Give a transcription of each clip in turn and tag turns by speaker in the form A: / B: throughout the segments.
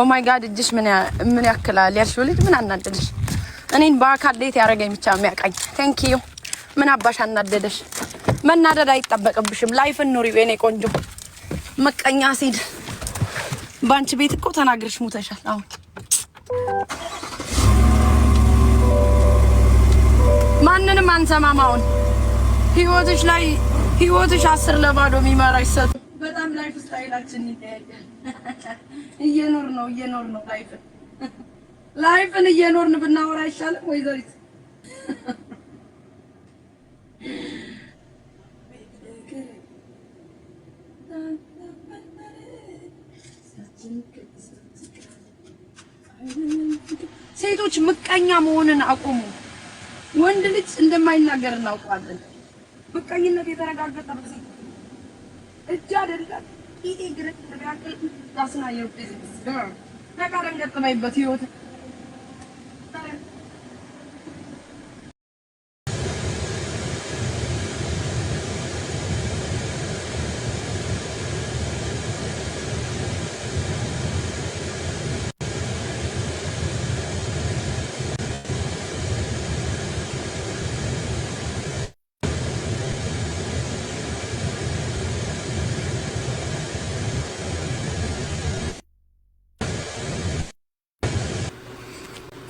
A: ኦማይ oh ጋድ እጅሽ ምን ያክላል ያልሽው ልጅ ምን አናደደሽ? እኔን በአካል ዴት ያደረገኝ ብቻ የሚያውቃኝ ቴንክ ዩ። ምን አባሽ አናደደሽ? መናደድ አይጠበቅብሽም። ላይፍን ኑሪ የኔ ቆንጆ። መቀኛ ሲድ በአንቺ ቤት እኮ ተናግርሽ ሙተሻል። አሁን ማንንም አንሰማም። አሁን ህይወትሽ ላይ ህይወትሽ አስር ለባዶ የሚመራሽ ይሰጡ በጣም ላይፍ ስታይላችን ይለያያል። ነው እየኖር ነው። ላይፍን ላይፍን እየኖርን ብናወራ አይሻልም? ወይዘሪት ሴቶች ምቀኛ መሆንን አቁሙ። ወንድ ልጅ እንደማይናገር እናውቀዋለን። ምቀኝነት የተረጋገጠ እጅ አይደለም። ይሄ ግርግር ያክል ያስናየው ቢዝነስ ጋር ተቃረን ገጥማይበት ህይወት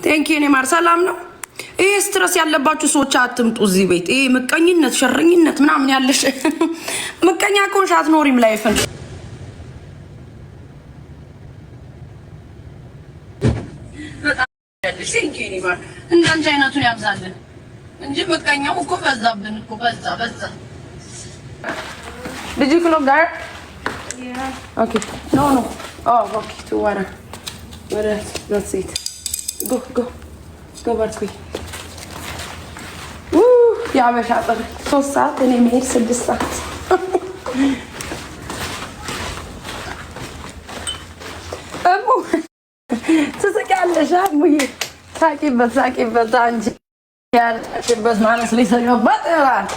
A: ቴንኪ ኔ ማር ሰላም ነው። ይሄ ስትረስ ያለባችሁ ሰዎች አትምጡ እዚህ ቤት። ይሄ ምቀኝነት፣ ሸረኝነት ምናምን ያለሽ ምቀኛ ከሆንሽ አትኖሪም ላይፍን እንዳንቺ አይነቱን ያብዛልን እንጂ ምቀኛው እኮ በዛብን እኮ በዛ በዛ ልጅ ክሎ ጋር ኖ ኖ ኦኬ ቱ ዋራ ወደ ሴት ጎ ጎ ጎ በርቱኝ። የአበሻ ጥር ሶስት ሰዓት እኔ መሄድ ስድስት ሰዓት እሙ ትስቂያለሽ። ሙዬ ሳቂበት ሳቂበት አንቺ ያልሽበት ማለት ሊሰኞበት ይላል።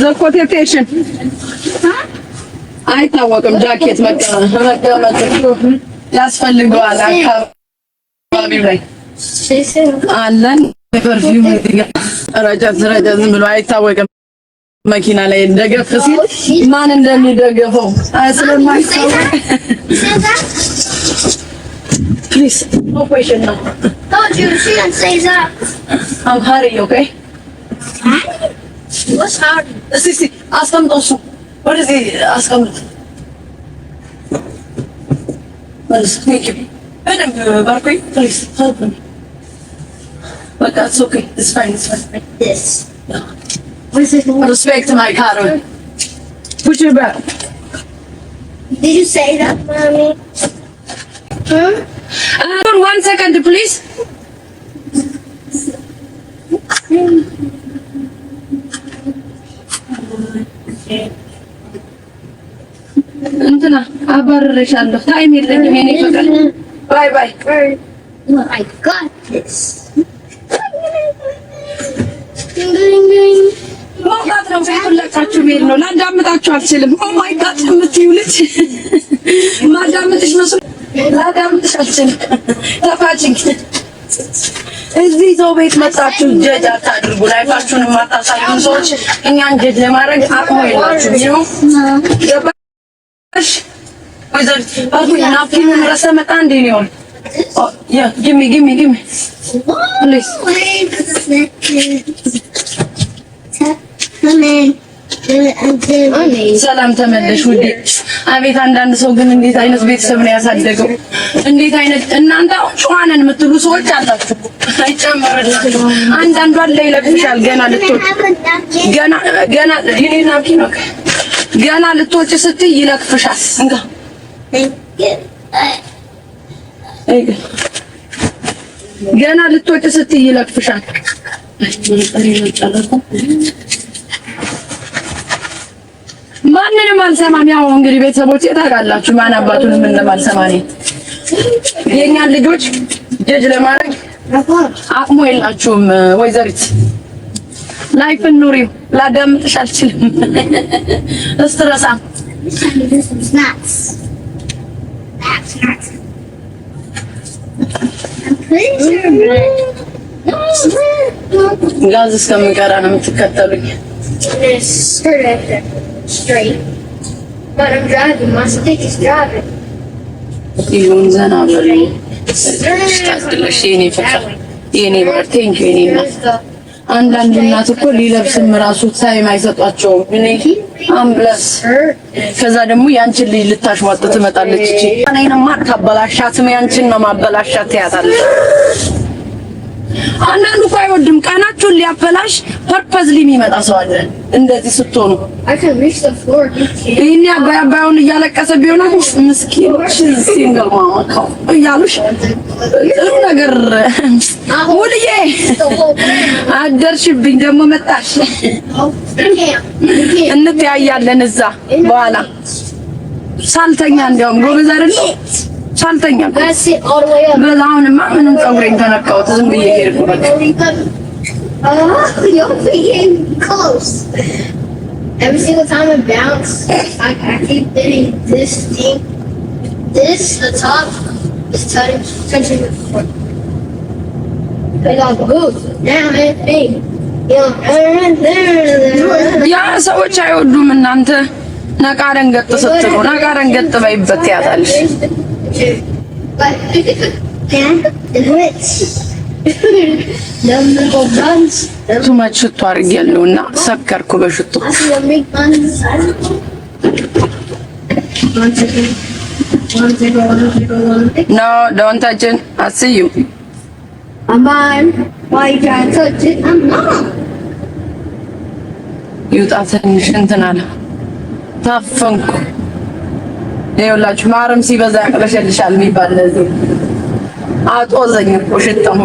A: ዘኮቴቴሽን አይታወቅም። ጃኬት መቀመጥ ያስፈልገዋል። አካባቢው አለን ፐርፊውም ረጨት ረጨት ዝም ብሎ አይታወቅም። መኪና ላይ ደገፍ ሲል ማን እንደሚደገፈው
B: ስለማይታወቅ
A: ፕሊዝ ኖ ኩዌሽን እሱ What is he? Ask him. Let us make him. Madam, you are great. Please help me. But that's okay. It's fine. It's fine. Yes. No. Respect to my car. Put your back.
B: Did you say that, mommy?
A: Huh? Uh, hold on one second, please. Okay. ገና አባርሬሻለሁ። ታይም የለኝም የኔ ፍቅር። ባይ ባይ። oh መውጣት ነው፣ ነው። ላዳምጣችሁ አልችልም። ኦ ማይ ጋድ የምትይው ልጅ ማዳምጥሽ መስሎ ላዳምጥሽ አልችልም። እዚህ ሰው ቤት መጣችሁ ጀጅ አታድርጉ። ላይፋችሁን የማታሳዩ ሰዎች እኛን ጀጅ ለማድረግ አቅሙ የላችሁ ነው። ሰላም ተመለሽ ውዴ። አቤት አንዳንድ ሰው ግን እንዴት አይነት ቤተሰብ ነው ያሳደገው? እንዴት አይነት እናንተ ጨዋነን የምትሉ ሰዎች አላችሁ። አይጨመርልሽም። አንዳንዷን ላይ ለብሻል ገና ልትወድ ገና ገና ገና ልትወጪ ስትይ ይለክፍሻል። እንጋ ገና ልትወጪ ስትይ ይለክፍሻል። ማንንም አልሰማም። ያው እንግዲህ ቤተሰቦቼ ታውቃላችሁ፣ ማን አባቱን ምንም አልሰማም። የእኛን ልጆች ጀጅ ለማድረግ አቅሙ የላችሁም ወይዘሪት ላይፍን ኑሪው። ላዳምጥሽ አልችልም። እስትረሳ ጋዝ እስከምቀራ ነው የምትከተሉኝ። ይሁን ዘና በሉ። የኔ ፍቅር፣ የኔ ማር፣ ቴንኪው የኔ እናት አንዳንድ እናት እኮ ሊለብስም ራሱ ታይም አይሰጧቸውም። አምብለስ ከዛ ደግሞ ያንቺን ልጅ ልታሽሟጥ ትመጣለች። እቺ እኔንማ አታበላሻትም፣ ያንቺን ነው ማበላሻት ያታለች። አንዳንዱ እኮ አይወድም። ቀናችሁን ሊያበላሽ ፐርፐዝ ሊሚመጣ ሰው አለ። እንደዚህ ስትሆኑ ይህን ያባያባዩን እያለቀሰ ቢሆን ምስኪኖች ሲንግል ማማካው እያሉሽ ጥሩ ነገር ውልዬ፣ አደርሽብኝ ደግሞ መጣሽ። እንተያያለን እዛ በኋላ ሳልተኛ እንዲያውም ጎበዝ አይደለም ሳልተኛ
B: በዛሁንማ
A: ምንም ፀጉሬን ተነካሁት። ዝም ብዬ ሄድኩ
B: Every single time it bounces, I, keep hitting this thing. This, the top, is touching, the floor. got boots. Now
A: ያ ሰዎች አይወዱም። እናንተ ነቃ ደንገጥ ስትሉ ነቃ ደንገጥ በይበት ያታለሽ ቱመች ሽቶ አድርጌያለሁ እና ሰከርኩ በሽቶ። ኖ ዶን ታችን አስዩ ይውጣ ትንሽ እንትን አለ ታፈንኩ። ይኸውላችሁ ማርም ሲበዛ ያቅለሸልሻል የሚባል ለዚህ አጦዘኝ እኮ ሽጠሙ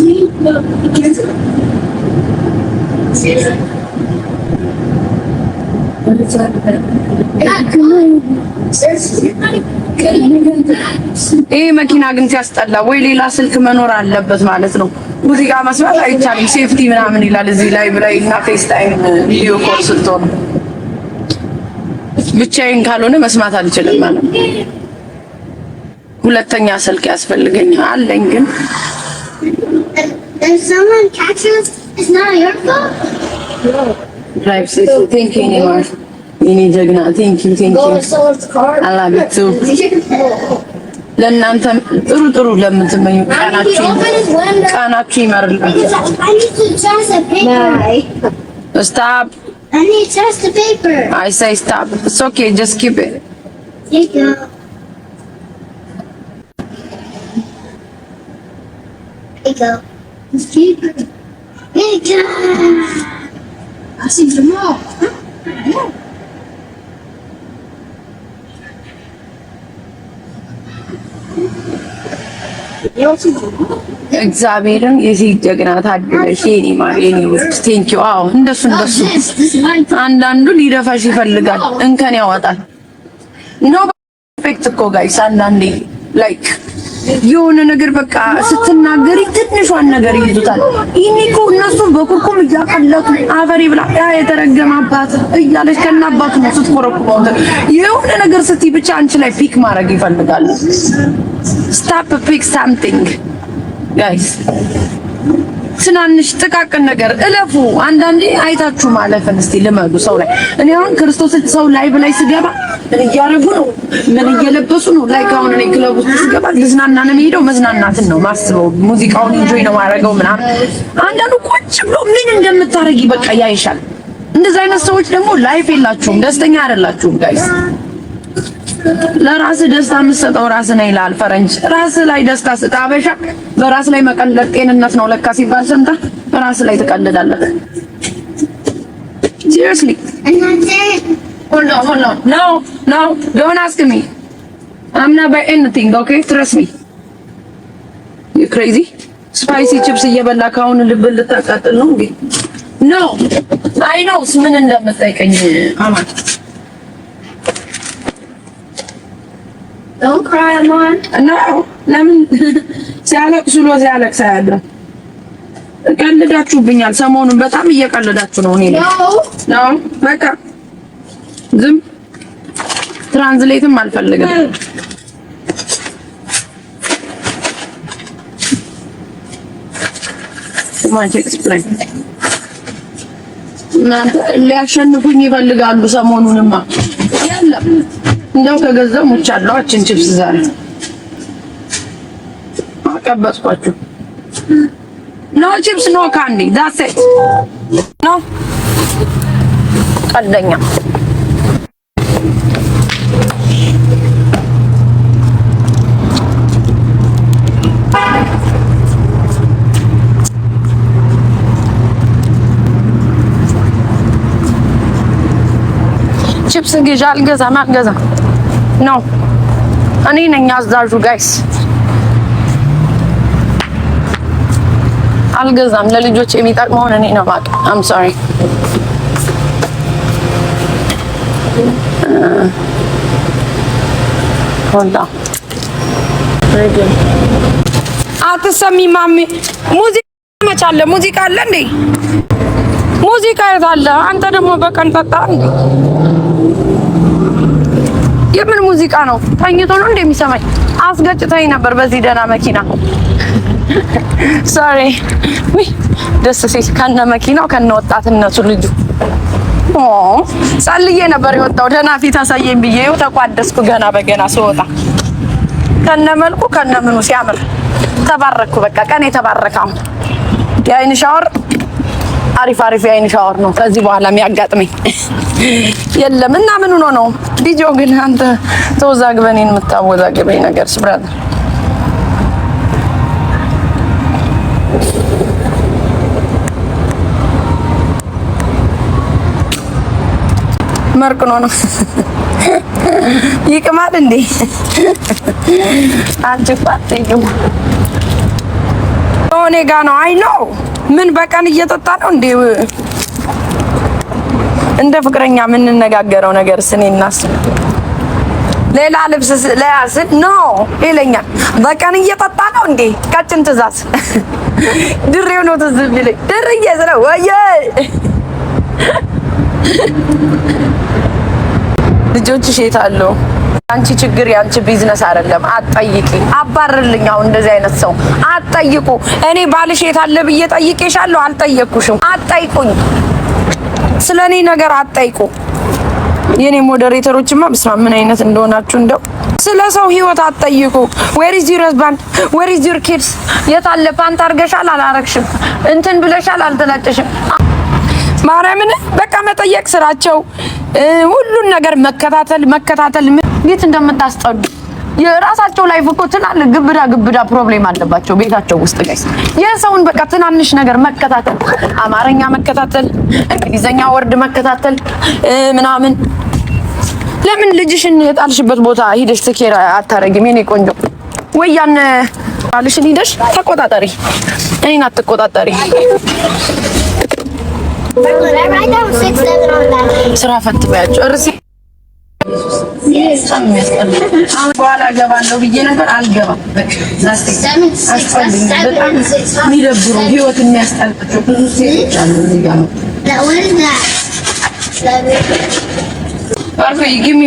A: ይህ መኪና ግን ሲያስጠላ ወይ ሌላ ስልክ መኖር አለበት ማለት ነው። ሙዚቃ መስማት አይቻልም፣ ሴፍቲ ምናምን ይላል። እዚህ ላይ ብላይ እና ፌስ ታይም ቪዲዮ ኮል ስትሆን ብቻዬን ካልሆነ መስማት አልችልም ማለት ነው። ሁለተኛ ስልክ ያስፈልገኛል አለኝ ግን ጀግና ለእናንተም ጥሩ ጥሩ ለምትመኙ ቃናችሁ ቃናችሁ ይመርላችሁ። ስታፕ
B: አይ ሳይ ስታፕ
A: ኢትስ ኦኬ ጀስት ኪፕ ኢት
B: Here you
A: go. እግዚአብሔርን የሴት ጀግና ታድለሽ የኔ ማር የኔ ውድ ቴንኪው። አዎ እንደሱ እንደሱ። አንዳንዱ ሊደፋሽ ይፈልጋል፣ እንከን ያወጣል። ኖ ፐርፌክት እኮ ጋይስ አንዳንዴ ላይክ የሆነ ነገር በቃ ስትናገሪ ትንሿን ነገር ይይዙታል። ይሄኔ እኮ እነሱ በኩርኩም እያቀለጡ አፈሪ ብላ ያ የተረገመ አባት እያለች ከና አባቱ ነው ስትኮረኩመው የሆነ ነገር ስቲ ብቻ አንቺ ላይ ፒክ ማድረግ ይፈልጋሉ። ስታፕ ፒክ ሳምቲንግ ጋይስ ትናንሽ ጥቃቅን ነገር እለፉ። አንዳንዴ አይታችሁ ማለፍን እስቲ ልመዱ ሰው ላይ። እኔ አሁን ክርስቶስ ሰው ላይ ብላይ ስገባ ምን እያደረጉ ነው? ምን እየለበሱ ነው? ላይ ካሁን እኔ ክለብ ውስጥ ስገባ ልዝናና ነው የሚሄደው። መዝናናትን ነው ማስበው። ሙዚቃውን ኢንጆይ ነው ማረገው ምናምን። አንዳንዱ ቁጭ ብሎ ምን እንደምታረጊ በቃ ያይሻል። እንደዚህ አይነት ሰዎች ደግሞ ላይፍ የላችሁም፣ ደስተኛ አይደላችሁም ጋይስ ለራስ ደስታ የምትሰጠው ራስ ነው ይላል ፈረንጅ። ራስ ላይ ደስታ ስጥ አበሻ። በራስ ላይ መቀለድ ጤንነት ነው ለካ ሲባል ሰምታ በራስ ላይ ትቀልዳለህ። ሲሪየስሊ ኖ ኖ ዶንት አስክ ሚ አም ኖት ባይ ኤኒቲንግ ኦኬ ትረስት ሚ ዩ ክሬዚ ስፓይሲ ቺፕስ እየበላ ካሁን ልብ ልታቃጥል ነው እንዴ? ኖ አይ ኖውስ ምን እንደምትጠይቀኝ አማን ለምን ሲያለቅስ ውሎ ሲያለቅስ አያድርም። ቀልዳችሁብኛል። ሰሞኑን በጣም እየቀለዳችሁ ነው። እኔ ነው በቃ ዝም ትራንዝሌትም አልፈልግም። ሊያሸንፉኝ ይፈልጋሉ። ሰሞኑንማ የለም እንደው ከገዛው ሙቻለሁ። አችን ቺፕስ ዛሬ አቀበጽኳችሁ። ኖ ችፕስ ኖ ካንዲ ዳትስ ኢት ኖ ቀልደኛ ቺፕስ ግዢ። አልገዛም አልገዛም ነው እኔ ነኝ አዛዡ ጋይስ። አልገዛም ለልጆች የሚጠቅመውን እኔ ነው ማለት አም ሶሪ አትሰሚ ማሚ ሙዚቃ መቻለ ሙዚቃ አለ እንዴ ሙዚቃ የት አለ አንተ ደግሞ በቀን ጠጣ እንዴ የምን ሙዚቃ ነው? ተኝቶ ነው እንደሚሰማኝ አስገጭተኝ ነበር በዚህ ደህና መኪና። ሶሪ ደስ ሲል ከነ መኪናው ከነ ወጣትነቱ ልጁ ጸልዬ ነበር የወጣው ደህና ፊት አሳየኝ ብዬ ይኸው ተቋደስኩ። ገና በገና ስወጣ ከነ መልኩ ከነ ምኑ ሲያምር ተባረኩ። በቃ ቀን የተባረካው የአይን ሻወር አሪፍ አሪፍ የአይን ሻወር ነው ከዚህ በኋላ የሚያጋጥመኝ። የለም እና ምን ሆኖ ነው ዲጆ ግን አንተ ተወዛግበኔን የምታወዛግበኝ ነገር ስብራት መርቅ ነው ነው ይቅማል እንዴ አንቺ ፋጥዩ ጋ ነው አይ ነው ምን በቀን እየጠጣ ነው እንዴ እንደ ፍቅረኛ የምንነጋገረው ነገር ስኔ እናስ ሌላ ልብስ ለያስን ኖ ይለኛል። በቀን እየጠጣ ነው እንዴ? ቀጭን ትእዛዝ ድሬው ነው ትዝ የሚለኝ ድርዬ ስለው ወየ ልጆችሽ የት አሉ? አንቺ ችግር የአንቺ ቢዝነስ አይደለም። አትጠይቂ፣ አባርልኝ። አሁን እንደዚህ አይነት ሰው አትጠይቁ። እኔ ባልሽ የት አለ ብዬ ጠይቄሻለሁ። አልጠየቅኩሽም። አትጠይቁኝ። ስለ እኔ ነገር አጠይቁ። የኔ ሞዴሬተሮችማ ብስማ ምን አይነት እንደሆናችሁ እንደው ስለ ሰው ህይወት አትጠይቁ። ዌር ኢዝ ዩር ሀዝባንድ ዌር ኢዝ ዩር ኪድስ? የት አለ ፓንት አርገሻል አላረግሽም? እንትን ብለሻል አልተላጨሽም? ማርያምን በቃ መጠየቅ ስራቸው፣ ሁሉን ነገር መከታተል መከታተል፣ የት እንደምታስጠዱ የራሳቸው ላይፍ እኮ ትናንት ግብዳ ግብዳ ፕሮብሌም አለባቸው ቤታቸው ውስጥ ጋይስ። የሰውን በቃ ትናንሽ ነገር መከታተል፣ አማርኛ መከታተል፣ እንግሊዘኛ ወርድ መከታተል ምናምን። ለምን ልጅሽን የጣልሽበት ቦታ ሂደሽ ትኬር አታረጊም? የኔ ቆንጆ ወያን ባልሽን ሂደሽ ተቆጣጠሪ። እኔን አትቆጣጠሪ። ስራ ፈት በያቸው በኋላ እገባለሁ ብዬ ነበር። አልገባም አስጠልኝ። በጣም የሚደብሩ ህይወት የሚያስጠልቅቸው ብዙ ሴቶች
B: አሉ።
A: ጊሚ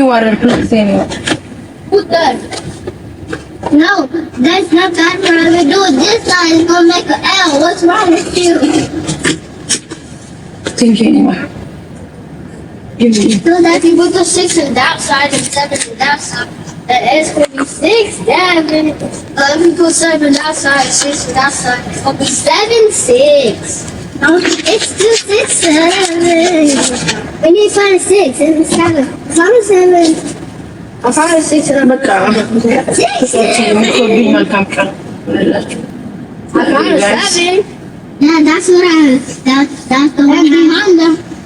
A: So that
B: people go six and that side and seven and that side. And it's gonna be six, seven, eleven plus seven that side, six and that side. It's seven, six. No, it's still six, seven. We need to find a six and seven. As seven.
A: I found a six in the car. Six, seven. I
B: found a seven. Yeah, that's what I, that, that's the one behind them.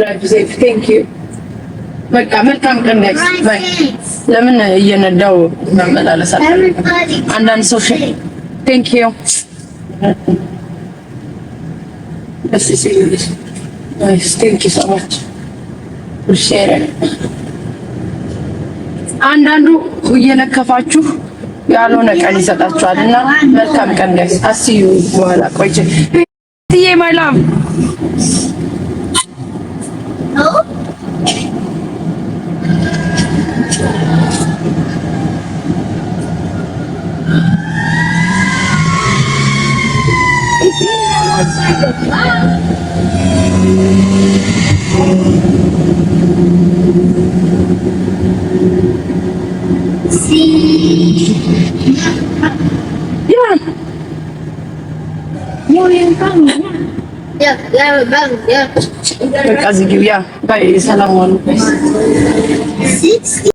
A: ላይፍ ቴንክ ዩ በቃ መልካም ቀን ጋይስ። ባይ ለምን እየነዳው መመላለስ አንዳንድ ሰው ቴንክ ዩ አንዳንዱ እየነከፋችሁ ያልሆነ ቀን ይሰጣችኋል እና መልካም ቀን ጋይስ። አስዩ በኋላ ቆይቼ
B: Itinawag sa lupa. Si...
A: Yun! Yun yung kami niya. Yeah,
B: yeah, bang, yeah.
A: Kasi kaya, kaya isa lang one. Sixty.